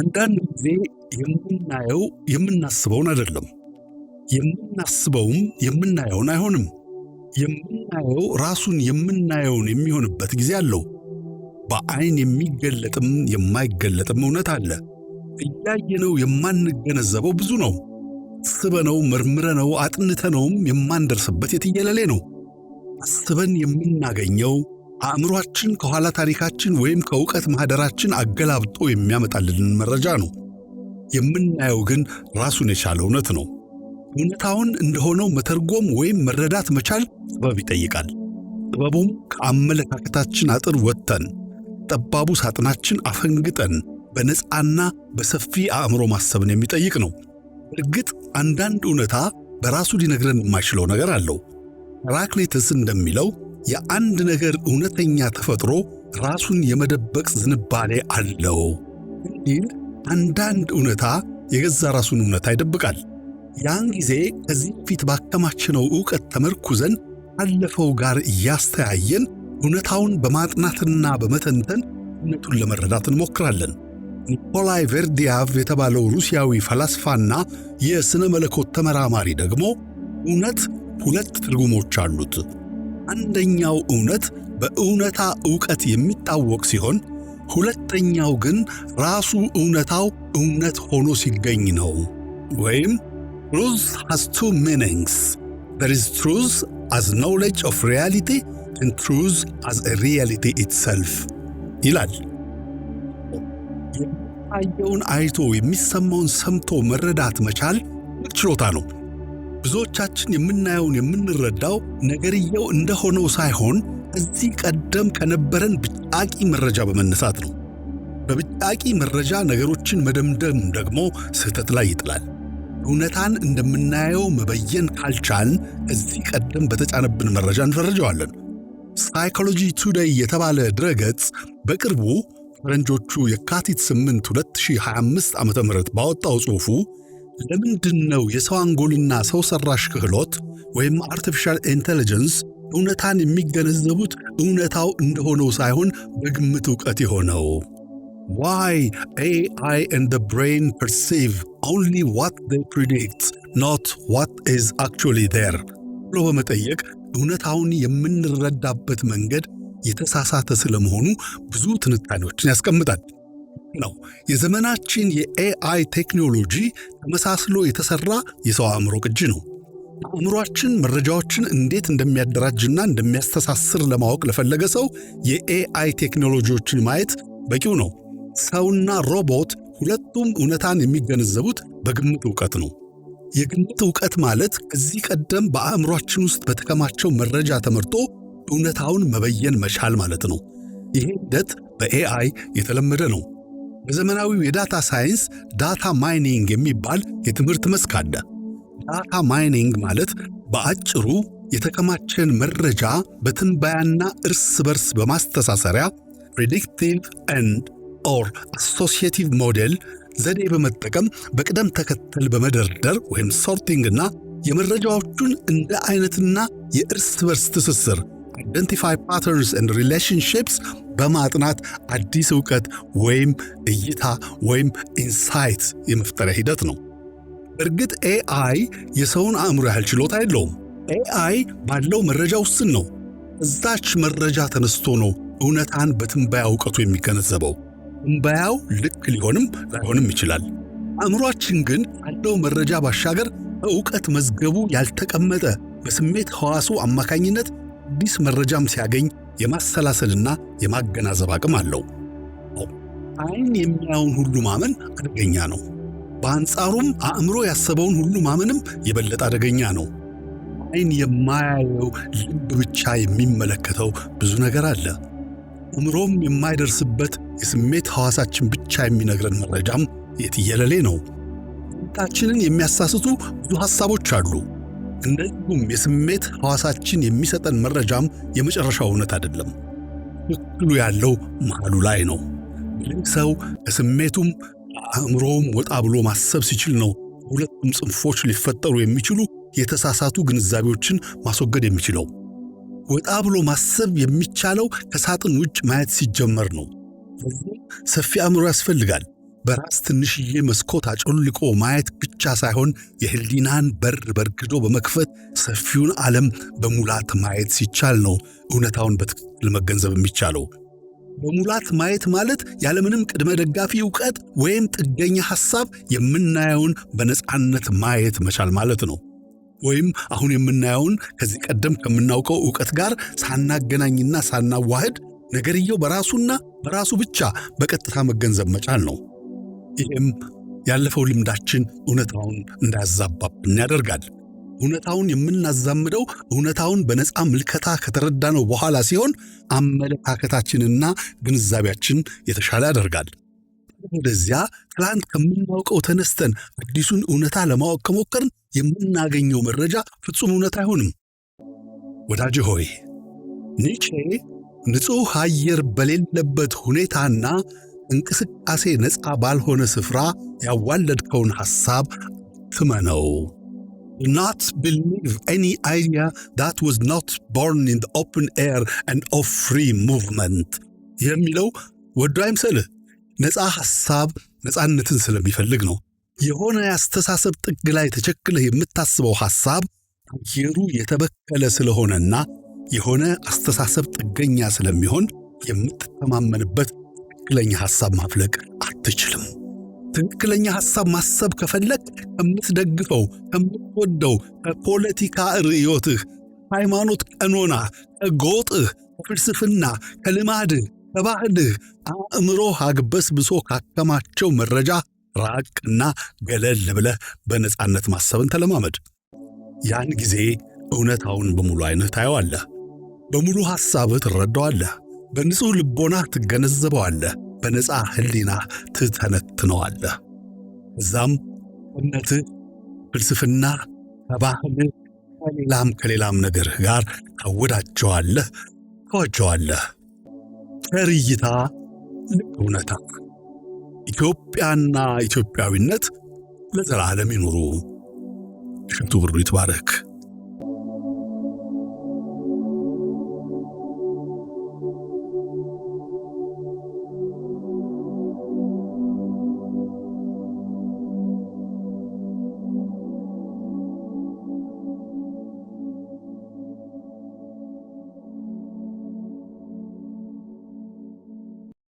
አንዳንድ ጊዜ የምናየው የምናስበውን አይደለም፣ የምናስበውም የምናየውን አይሆንም። የምናየው ራሱን የምናየውን የሚሆንበት ጊዜ አለው። በአይን የሚገለጥም የማይገለጥም እውነት አለ። እያየነው የማንገነዘበው ብዙ ነው። ስበነው መርምረነው አጥንተነውም የማንደርስበት የትየለሌ ነው። አስበን የምናገኘው አእምሯችን ከኋላ ታሪካችን ወይም ከእውቀት ማኅደራችን አገላብጦ የሚያመጣልን መረጃ ነው። የምናየው ግን ራሱን የቻለ እውነት ነው። እውነታውን እንደሆነው መተርጎም ወይም መረዳት መቻል ጥበብ ይጠይቃል። ጥበቡም ከአመለካከታችን አጥር ወጥተን ጠባቡ ሳጥናችን አፈንግጠን በነፃና በሰፊ አእምሮ ማሰብን የሚጠይቅ ነው። እርግጥ አንዳንድ እውነታ በራሱ ሊነግረን የማይችለው ነገር አለው። ሄራክሌትስ እንደሚለው የአንድ ነገር እውነተኛ ተፈጥሮ ራሱን የመደበቅ ዝንባሌ አለው እንዲል አንዳንድ እውነታ የገዛ ራሱን እውነታ ይደብቃል። ያን ጊዜ ከዚህ ፊት ባከማችነው ዕውቀት ተመርኩዘን አለፈው ጋር እያስተያየን እውነታውን በማጥናትና በመተንተን እውነቱን ለመረዳት እንሞክራለን። ኒኮላይ ቬርዲያቭ የተባለው ሩሲያዊ ፈላስፋና የሥነ መለኮት ተመራማሪ ደግሞ እውነት ሁለት ትርጉሞች አሉት አንደኛው እውነት በእውነታ ዕውቀት የሚታወቅ ሲሆን ሁለተኛው ግን ራሱ እውነታው እውነት ሆኖ ሲገኝ ነው። ወይም ትሩዝ ሃስ ቱ ሚኒንግስ ዘር ኢዝ ትሩዝ አዝ ኖውሌጅ ኦፍ ሪያሊቲ ኤንድ ትሩዝ አዝ ሪያሊቲ ኢትሰልፍ ይላል። የሚታየውን አይቶ የሚሰማውን ሰምቶ መረዳት መቻል ችሎታ ነው። ብዙዎቻችን የምናየውን የምንረዳው ነገርየው እንደሆነው ሳይሆን እዚህ ቀደም ከነበረን ብጫቂ መረጃ በመነሳት ነው። በብጫቂ መረጃ ነገሮችን መደምደም ደግሞ ስህተት ላይ ይጥላል። እውነታን እንደምናየው መበየን ካልቻልን እዚህ ቀደም በተጫነብን መረጃ እንፈርጀዋለን። ሳይኮሎጂ ቱዴይ የተባለ ድረገጽ በቅርቡ ፈረንጆቹ የካቲት 8 2025 ዓ ም ባወጣው ጽሑፉ ለምንድን ነው የሰው አንጎልና ሰው ሰራሽ ክህሎት ወይም አርቲፊሻል ኢንቴሊጀንስ እውነታን የሚገነዘቡት እውነታው እንደሆነው ሳይሆን በግምት እውቀት የሆነው? ዋይ ኤአይ ኤንድ ዘ ብሬን ፐርሲቭ ኦንሊ ዋት ዘ ፕሪዲክት ኖት ዋት ኢዝ አክቹዋሊ ር ብሎ በመጠየቅ እውነታውን የምንረዳበት መንገድ የተሳሳተ ስለመሆኑ ብዙ ትንታኔዎችን ያስቀምጣል። ነው። የዘመናችን የኤአይ ቴክኖሎጂ ተመሳስሎ የተሰራ የሰው አእምሮ ቅጂ ነው። አእምሯችን መረጃዎችን እንዴት እንደሚያደራጅና እንደሚያስተሳስር ለማወቅ ለፈለገ ሰው የኤአይ ቴክኖሎጂዎችን ማየት በቂው ነው። ሰውና ሮቦት ሁለቱም እውነታን የሚገነዘቡት በግምት እውቀት ነው። የግምት እውቀት ማለት ከዚህ ቀደም በአእምሯችን ውስጥ በተከማቸው መረጃ ተመርቶ እውነታውን መበየን መቻል ማለት ነው። ይህ ሂደት በኤአይ የተለመደ ነው። በዘመናዊው የዳታ ሳይንስ ዳታ ማይኒንግ የሚባል የትምህርት መስክ አለ። ዳታ ማይኒንግ ማለት በአጭሩ የተከማቸን መረጃ በትንባያና እርስ በርስ በማስተሳሰሪያ ፕሬዲክቲቭ ኤንድ ኦር አሶሲቲቭ ሞዴል ዘዴ በመጠቀም በቅደም ተከተል በመደርደር ወይም ሶርቲንግና የመረጃዎቹን እንደ አይነትና የእርስ በርስ ትስስር አይደንቲፋይ ፓተርንስ ኤንድ ሪሌሽንሺፕስ በማጥናት አዲስ እውቀት ወይም እይታ ወይም ኢንሳይት የመፍጠሪያ ሂደት ነው። እርግጥ ኤአይ የሰውን አእምሮ ያህል ችሎታ የለውም። ኤአይ ባለው መረጃ ውስን ነው። እዛች መረጃ ተነስቶ ነው እውነታን በትንበያ እውቀቱ የሚገነዘበው። ትንበያው ልክ ሊሆንም ላይሆንም ይችላል። አእምሯችን ግን ካለው መረጃ ባሻገር በእውቀት መዝገቡ ያልተቀመጠ በስሜት ሕዋሱ አማካኝነት አዲስ መረጃም ሲያገኝ የማሰላሰልና የማገናዘብ አቅም አለው። አይን የሚያውን ሁሉ ማመን አደገኛ ነው። በአንጻሩም አእምሮ ያሰበውን ሁሉ ማመንም የበለጠ አደገኛ ነው። አይን የማያየው ልብ ብቻ የሚመለከተው ብዙ ነገር አለ። አእምሮም የማይደርስበት የስሜት ሐዋሳችን ብቻ የሚነግረን መረጃም የትየለሌ ነው። ታችንን የሚያሳስቱ ብዙ ሐሳቦች አሉ። እንደዚሁም የስሜት ሐዋሳችን የሚሰጠን መረጃም የመጨረሻው እውነት አይደለም። ትክክሉ ያለው መሃሉ ላይ ነው። ይህ ሰው ከስሜቱም አእምሮውም ወጣ ብሎ ማሰብ ሲችል ነው ሁለቱም ጽንፎች ሊፈጠሩ የሚችሉ የተሳሳቱ ግንዛቤዎችን ማስወገድ የሚችለው። ወጣ ብሎ ማሰብ የሚቻለው ከሳጥን ውጭ ማየት ሲጀመር ነው። ሰፊ አእምሮ ያስፈልጋል። በራስ ትንሽዬ መስኮት አጮልቆ ማየት ብቻ ሳይሆን የህሊናን በር በርግዶ በመክፈት ሰፊውን ዓለም በሙላት ማየት ሲቻል ነው እውነታውን በትክክል መገንዘብ የሚቻለው። በሙላት ማየት ማለት ያለምንም ቅድመ ደጋፊ እውቀት ወይም ጥገኛ ሐሳብ የምናየውን በነፃነት ማየት መቻል ማለት ነው። ወይም አሁን የምናየውን ከዚህ ቀደም ከምናውቀው እውቀት ጋር ሳናገናኝና ሳናዋህድ ነገርየው በራሱና በራሱ ብቻ በቀጥታ መገንዘብ መቻል ነው። ይህም ያለፈው ልምዳችን እውነታውን እንዳያዛባብን ያደርጋል። እውነታውን የምናዛምደው እውነታውን በነፃ ምልከታ ከተረዳነው በኋላ ሲሆን አመለካከታችንና ግንዛቤያችን የተሻለ ያደርጋል። ወደዚያ ትላንት ከምናውቀው ተነስተን አዲሱን እውነታ ለማወቅ ከሞከርን የምናገኘው መረጃ ፍጹም እውነት አይሆንም። ወዳጅ ሆይ ኒቼ ንጹሕ አየር በሌለበት ሁኔታና እንቅስቃሴ ነፃ ባልሆነ ስፍራ ያዋለድከውን ሐሳብ ትመነው። ነው። not believe any idea that was not born in the open air and of free movement የሚለው ወዶ አይምሰልህ። ነፃ ሐሳብ ነፃነትን ስለሚፈልግ ነው። የሆነ የአስተሳሰብ ጥግ ላይ ተቸክለህ የምታስበው ሐሳብ አየሩ የተበከለ ስለሆነና የሆነ አስተሳሰብ ጥገኛ ስለሚሆን የምትተማመንበት ትክክለኛ ሐሳብ ማፍለቅ አትችልም። ትክክለኛ ሐሳብ ማሰብ ከፈለግ ከምትደግፈው፣ ከምትወደው ከፖለቲካ ርዕዮትህ፣ ሃይማኖት ቀኖና፣ ከጎጥህ፣ ከፍልስፍና፣ ከልማድህ፣ ከባህልህ አእምሮህ አግበስብሶ ካከማቸው መረጃ ራቅና ገለል ብለህ በነፃነት ማሰብን ተለማመድ። ያን ጊዜ እውነታውን በሙሉ ዐይነት ታየዋለህ፣ በሙሉ ሐሳብህ ትረዳዋለህ። በንጹሕ ልቦና ትገነዘበዋለህ፣ በነፃ ህሊና ትተነትነዋለህ። እዛም እምነትህ፣ ፍልስፍና፣ ከባህልህ ከሌላም ከሌላም ነገር ጋር ታወዳቸዋለህ፣ ታዋቸዋለህ። ከርይታ እይታ፣ ልቅ እውነታ። ኢትዮጵያና ኢትዮጵያዊነት ለዘላለም ይኑሩ። እሸቱ ብሩ ይትባረክ።